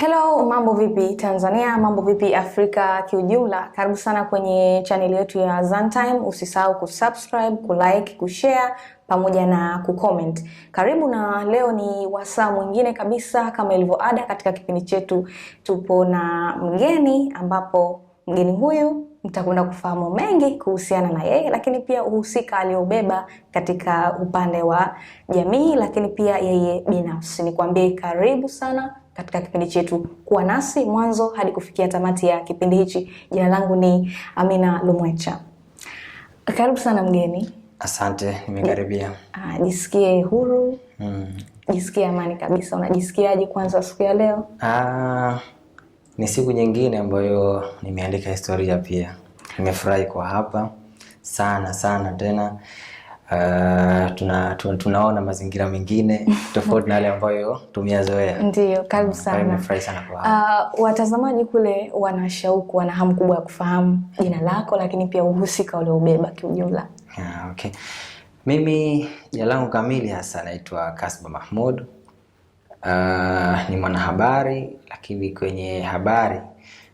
Hello, mambo vipi Tanzania, mambo vipi Afrika kiujumla? Karibu sana kwenye chaneli yetu ya Zantime. Usisahau kusubscribe, kulike, kushare pamoja na kucomment. Karibu na leo ni wasaa mwingine kabisa, kama ilivyo ada katika kipindi chetu, tupo na mgeni ambapo mgeni huyu mtakwenda kufahamu mengi kuhusiana na yeye, lakini pia uhusika aliobeba katika upande wa jamii, lakini pia yeye binafsi. Nikwambie karibu sana katika kipindi chetu. Kuwa nasi mwanzo hadi kufikia tamati ya kipindi hichi. Jina langu ni Amina Lumwecha. Karibu sana mgeni. Asante, nimekaribia. Ah, jisikie huru mm. Jisikie amani kabisa. Unajisikiaje kwanza siku ya leo? Ah, ni siku nyingine ambayo nimeandika historia pia. Nimefurahi kwa hapa sana sana tena Uh, tuna, tuna, tunaona mazingira mengine tofauti na yale ambayo tumeyazoea. Ndio, karibu sana. Uh, watazamaji kule wana shauku, wana hamu kubwa ya kufahamu jina lako, lakini pia uhusika uliobeba kiujumla. Yeah, okay. Mimi jina langu kamili hasa naitwa Kasba Mahmud. Uh, ni mwanahabari, lakini kwenye habari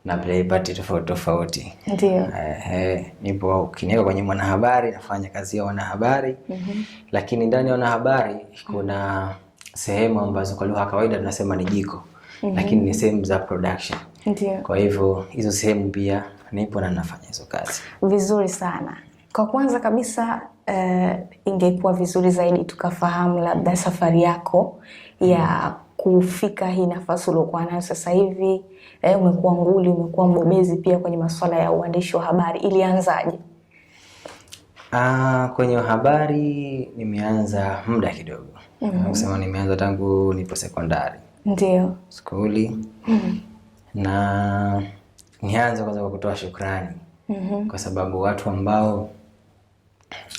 na play party tofauti tofauti. Ndio. Eh, nipo kiniweka kwenye mwanahabari nafanya kazi ya wanahabari mm -hmm. Lakini ndani ya wanahabari kuna sehemu ambazo kwa lugha kawaida tunasema ni jiko mm -hmm. Lakini ni sehemu za production. Ndio. Kwa hivyo hizo sehemu pia nipo na nafanya hizo kazi. Vizuri sana. Kwa kwanza kabisa uh, ingekuwa vizuri zaidi tukafahamu labda safari yako ya mm -hmm kufika hii nafasi uliokuwa nayo sasa hivi eh, umekuwa nguli, umekuwa mbobezi pia kwenye masuala ya uandishi wa habari, ilianzaje? Ah, kwenye habari nimeanza muda kidogo mm -hmm. Kusema nimeanza tangu nipo sekondari ndio skuli mm -hmm. na nianze kwanza kwa kutoa shukrani mm -hmm. kwa sababu watu ambao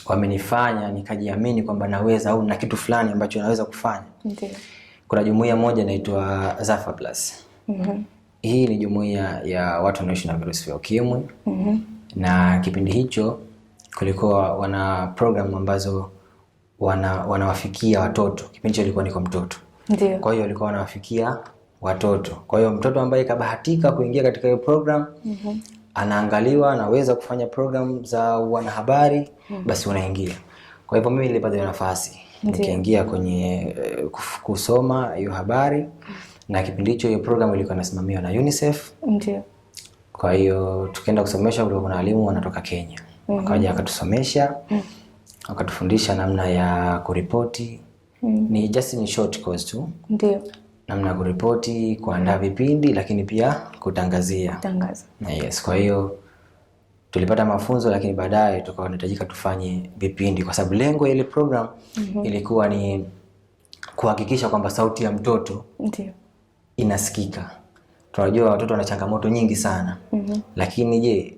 wamenifanya nikajiamini kwamba naweza au na kitu fulani ambacho naweza kufanya ndio kuna jumuiya moja inaitwa Zafa Plus. mm -hmm. Hii ni jumuiya ya watu wanaoishi na virusi vya ukimwi. mm -hmm. Na kipindi hicho kulikuwa wana program ambazo wana wanawafikia watoto. Kipindi hicho ilikuwa niko mtoto, ndio. Kwa hiyo walikuwa wanawafikia watoto, kwa hiyo mtoto ambaye kabahatika kuingia katika hiyo program mm -hmm. anaangaliwa, anaweza kufanya program za wanahabari mm -hmm. basi unaingia kwa hivyo mimi nilipata nafasi nikaingia kwenye eh, kusoma hiyo habari, na kipindi hicho hiyo program ilikuwa inasimamiwa na UNICEF. Ndiyo. Kwa hiyo tukaenda kusomesha, kulikuwa kuna walimu wanatoka Kenya mm -hmm. Wakaja wakatusomesha mm -hmm. Wakatufundisha namna ya kuripoti mm -hmm. Ni just in short course tu. Ndiyo. Namna ya kuripoti, kuandaa vipindi, lakini pia kutangazia. Tangaza. Na yes, kwa hiyo tulipata mafunzo, lakini baadaye tukawa tunahitajika tufanye vipindi, kwa sababu lengo ile program mm -hmm. ilikuwa ni kuhakikisha kwamba sauti ya mtoto Ndiyo. inasikika. Tunajua watoto wana changamoto nyingi sana mm -hmm. lakini je,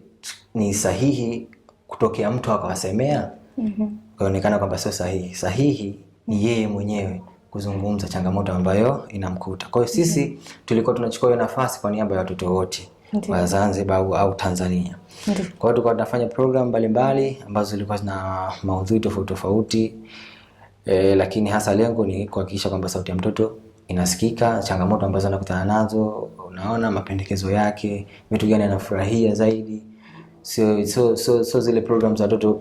ni sahihi kutokea mtu akawasemea? mm -hmm. kaonekana kwamba sio sahihi. Sahihi ni yeye mwenyewe kuzungumza changamoto ambayo inamkuta. Kwa hiyo sisi mm -hmm. tulikuwa tunachukua hiyo nafasi kwa niaba ya watoto wote wa Zanzibar au, au Tanzania. Kwa hiyo tulikuwa tunafanya program mbalimbali ambazo zilikuwa zina maudhui tofauti tofauti e, lakini hasa lengo ni kuhakikisha kwamba sauti ya mtoto inasikika, changamoto ambazo anakutana nazo, unaona mapendekezo yake, vitu gani anafurahia zaidi. Sio so, so, so zile program za watoto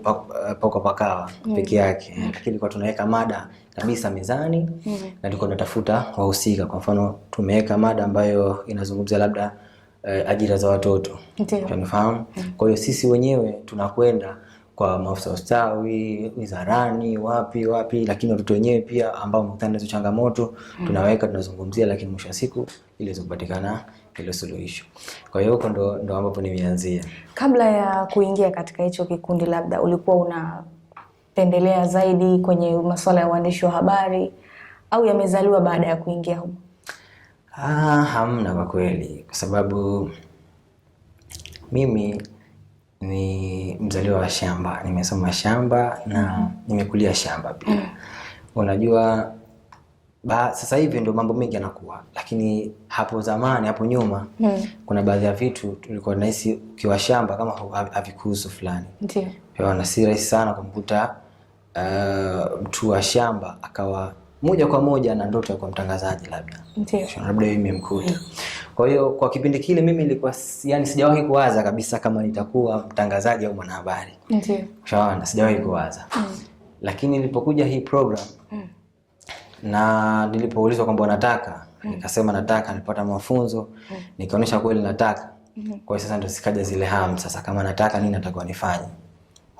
paka pakawa mm. peke yake, lakini tulikuwa tunaweka mada kabisa mezani mm. na tulikuwa tunatafuta wahusika. Kwa mfano tumeweka mada ambayo inazungumzia labda eh, ajira za watoto unafahamu. Mm. Kwa hiyo sisi wenyewe tunakwenda kwa maafisa ustawi, wizarani, wapi wapi, lakini watoto wenyewe pia ambao mkutana nazo changamoto mm. tunaweka, tunazungumzia, lakini mwisho wa siku iliweza kupatikana ile suluhisho. Kwa hiyo huko ndo, ndo ambapo nimeanzia. Kabla ya kuingia katika hicho kikundi, labda ulikuwa unapendelea zaidi kwenye masuala ya uandishi wa habari au yamezaliwa baada ya kuingia huko? Ah, hamna kwa kweli, kwa sababu mimi ni mzaliwa wa shamba, nimesoma shamba na nimekulia shamba pia. Mm. Unajua ba, sasa hivi ndio mambo mengi yanakuwa, lakini hapo zamani, hapo nyuma mm. kuna baadhi ya vitu tulikuwa nahisi ukiwa shamba kama havikuhusu fulani, ndio na si rahisi sana kumkuta uh, mtu wa shamba akawa moja kwa moja na ndoto ya kuwa mtangazaji labda. Ndio. Labda yeye imemkuta. Mm. Kwa hiyo kwa kipindi kile mimi nilikuwa yani sijawahi kuwaza kabisa kama nitakuwa mtangazaji au mwanahabari. Ndiyo. Shawana sijawahi kuwaza. Mm. Lakini nilipokuja hii program mm. na nilipoulizwa kwamba nataka mm. nikasema nataka, nilipata mafunzo mm. nikaonyesha kweli nataka. Mm. Kwa hiyo sasa ndio sikaja zile hamu sasa kama nataka nini natakuwa nifanye.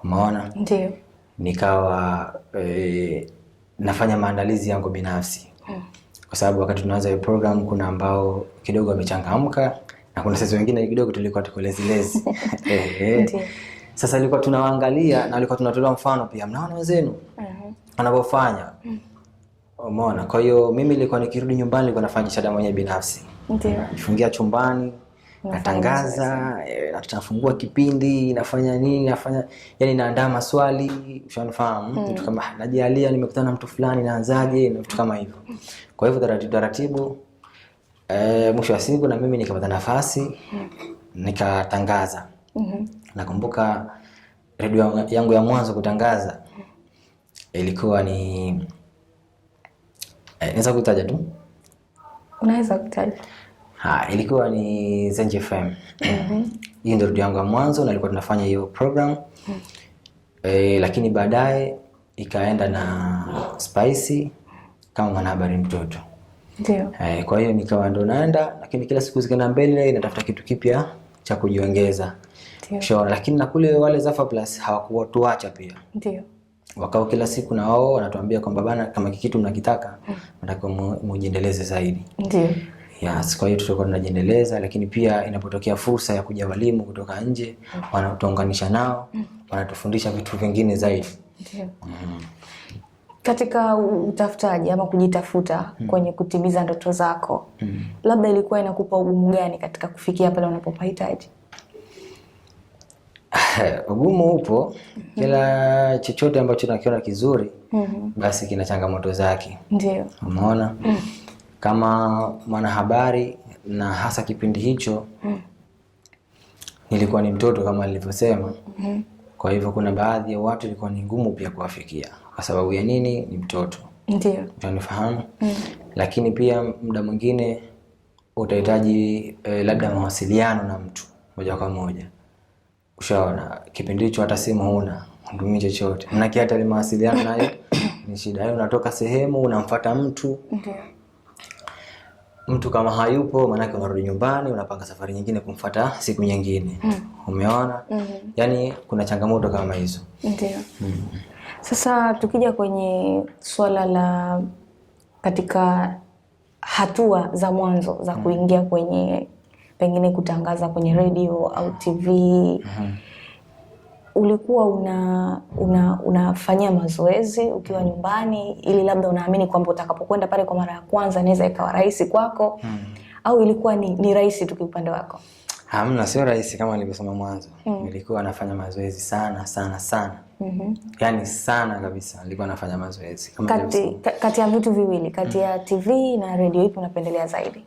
Umeona? Ndio. Nikawa e, nafanya maandalizi yangu binafsi hmm. Kwa sababu wakati tunaanza hiyo program kuna ambao kidogo wamechangamka na kuna sisi wengine kidogo tulikuwa tuko lezilezi eh. eh. Sasa ilikuwa tunawaangalia na ilikuwa tunatolea mfano pia, mnaona wenzenu uh-huh. wanavyofanya hmm. umeona. Kwa hiyo mimi nilikuwa nikirudi nyumbani nilikuwa nafanya shada mwenyewe binafsi, nifungia chumbani natangaza eh, natafungua kipindi nafanya nini nafanya yani naandaa maswali ushanifahamu mm. mtu kama najalia nimekutana na mtu fulani naanzaje na vitu kama hivyo kwa hivyo taratibu taratibu e, mwisho wa siku na mimi nikapata nafasi hmm. nikatangaza mm-hmm. nakumbuka redio yangu ya mwanzo kutangaza ilikuwa ni e, naweza kutaja tu unaweza kutaja Ha, ilikuwa ni Zenji FM. Mhm. Hii ndio redio yangu ya mwanzo na ilikuwa tunafanya hiyo program. E, lakini baadaye ikaenda na Spicy kama mwanahabari mtoto. Ndio. E, kwa hiyo nikawa ndo naenda, lakini kila siku zikaenda mbele inatafuta kitu kipya cha kujiongeza. Sure, lakini na kule wale Zafa Plus hawakutuacha pia. Ndio. Wakao kila siku na wao wanatuambia kwamba bana, kama kitu mnakitaka, mhm. mnataka mujiendeleze zaidi. Ndio. Yes, kwa mm. hiyo tutakuwa tunajiendeleza, lakini pia inapotokea fursa ya kuja walimu kutoka nje mm. wanatuunganisha nao, mm. wanatufundisha vitu vingine zaidi. mm. Katika utafutaji ama kujitafuta mm. kwenye kutimiza ndoto zako mm. labda ilikuwa inakupa ugumu gani katika kufikia pale unapopahitaji? Ugumu upo kila mm-hmm. chochote ambacho nakiona kizuri mm -hmm. basi kina changamoto zake, ndio umeona mm kama mwanahabari na hasa kipindi hicho mm. nilikuwa ni mtoto kama nilivyosema mm -hmm. Kwa hivyo kuna baadhi ya watu ilikuwa ni ngumu pia kuwafikia kwa sababu ya nini? Ni mtoto ndio unanifahamu mm. Lakini pia muda mwingine utahitaji eh, labda mawasiliano na mtu moja kwa moja. Ushaona kipindi hicho hata simu huna, ndumi chochote, maanake hata mawasiliano nayo ni shida. Yaani unatoka sehemu unamfata mtu Ndiyo mtu kama hayupo, maanake unarudi nyumbani, unapanga safari nyingine kumfuata siku nyingine mm. Umeona mm -hmm. kuna changamoto kama hizo ndio mm. Sasa tukija kwenye swala la katika hatua za mwanzo za mm. kuingia kwenye pengine kutangaza kwenye mm. redio au TV mm -hmm ulikuwa una, una unafanyia mazoezi ukiwa nyumbani ili labda unaamini kwamba utakapokwenda pale kwa mara ya kwanza naweza ikawa rahisi kwako hmm. au ilikuwa ni, ni rahisi tu kiupande wako? Hamna, sio rahisi kama nilivyosema mwanzo hmm. nilikuwa nafanya mazoezi sana sana sana Mm-hmm. Yaani sana kabisa nilikuwa nafanya mazoezi. Kati, kati ya vitu viwili, kati ya mm. TV na redio, ipi unapendelea zaidi?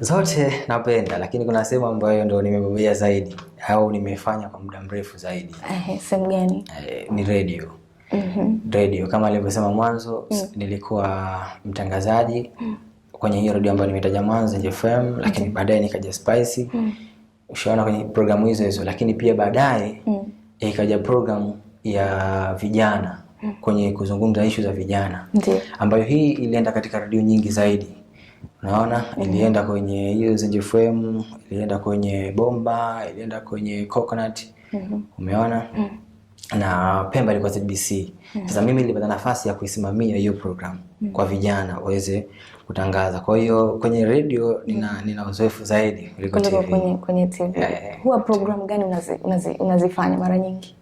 Zote napenda lakini kuna sehemu ambayo ndo nimebobea zaidi au nimefanya kwa muda mrefu zaidi. Sehemu gani? Eh, ni radio. mm Radio kama alivyosema mwanzo, mm. nilikuwa mtangazaji mm. kwenye hiyo radio ambayo nimetaja mwanzo FM, lakini mm. baadaye nikaja Spice mm. ushaona kwenye programu hizo hizo, lakini pia baadaye mm. ikaja programu ya vijana mm. kwenye kuzungumza ishu za vijana, ambayo hii ilienda katika radio nyingi zaidi unaona ilienda kwenye hiyo zenye frame, ilienda kwenye bomba, ilienda kwenye coconut. Mm -hmm. Umeona? Mm -hmm. Na Pemba ilikuwa ZBC. Mm. Sasa mm -hmm. mimi nilipata nafasi ya kuisimamia hiyo program mm -hmm. kwa vijana waweze kutangaza. Kwa hiyo kwenye radio mm. nina, nina uzoefu zaidi kuliko TV. Kwenye, kwenye TV. Yeah, yeah. Eh. Huwa program gani unazi, unazi, unazifanya mara nyingi?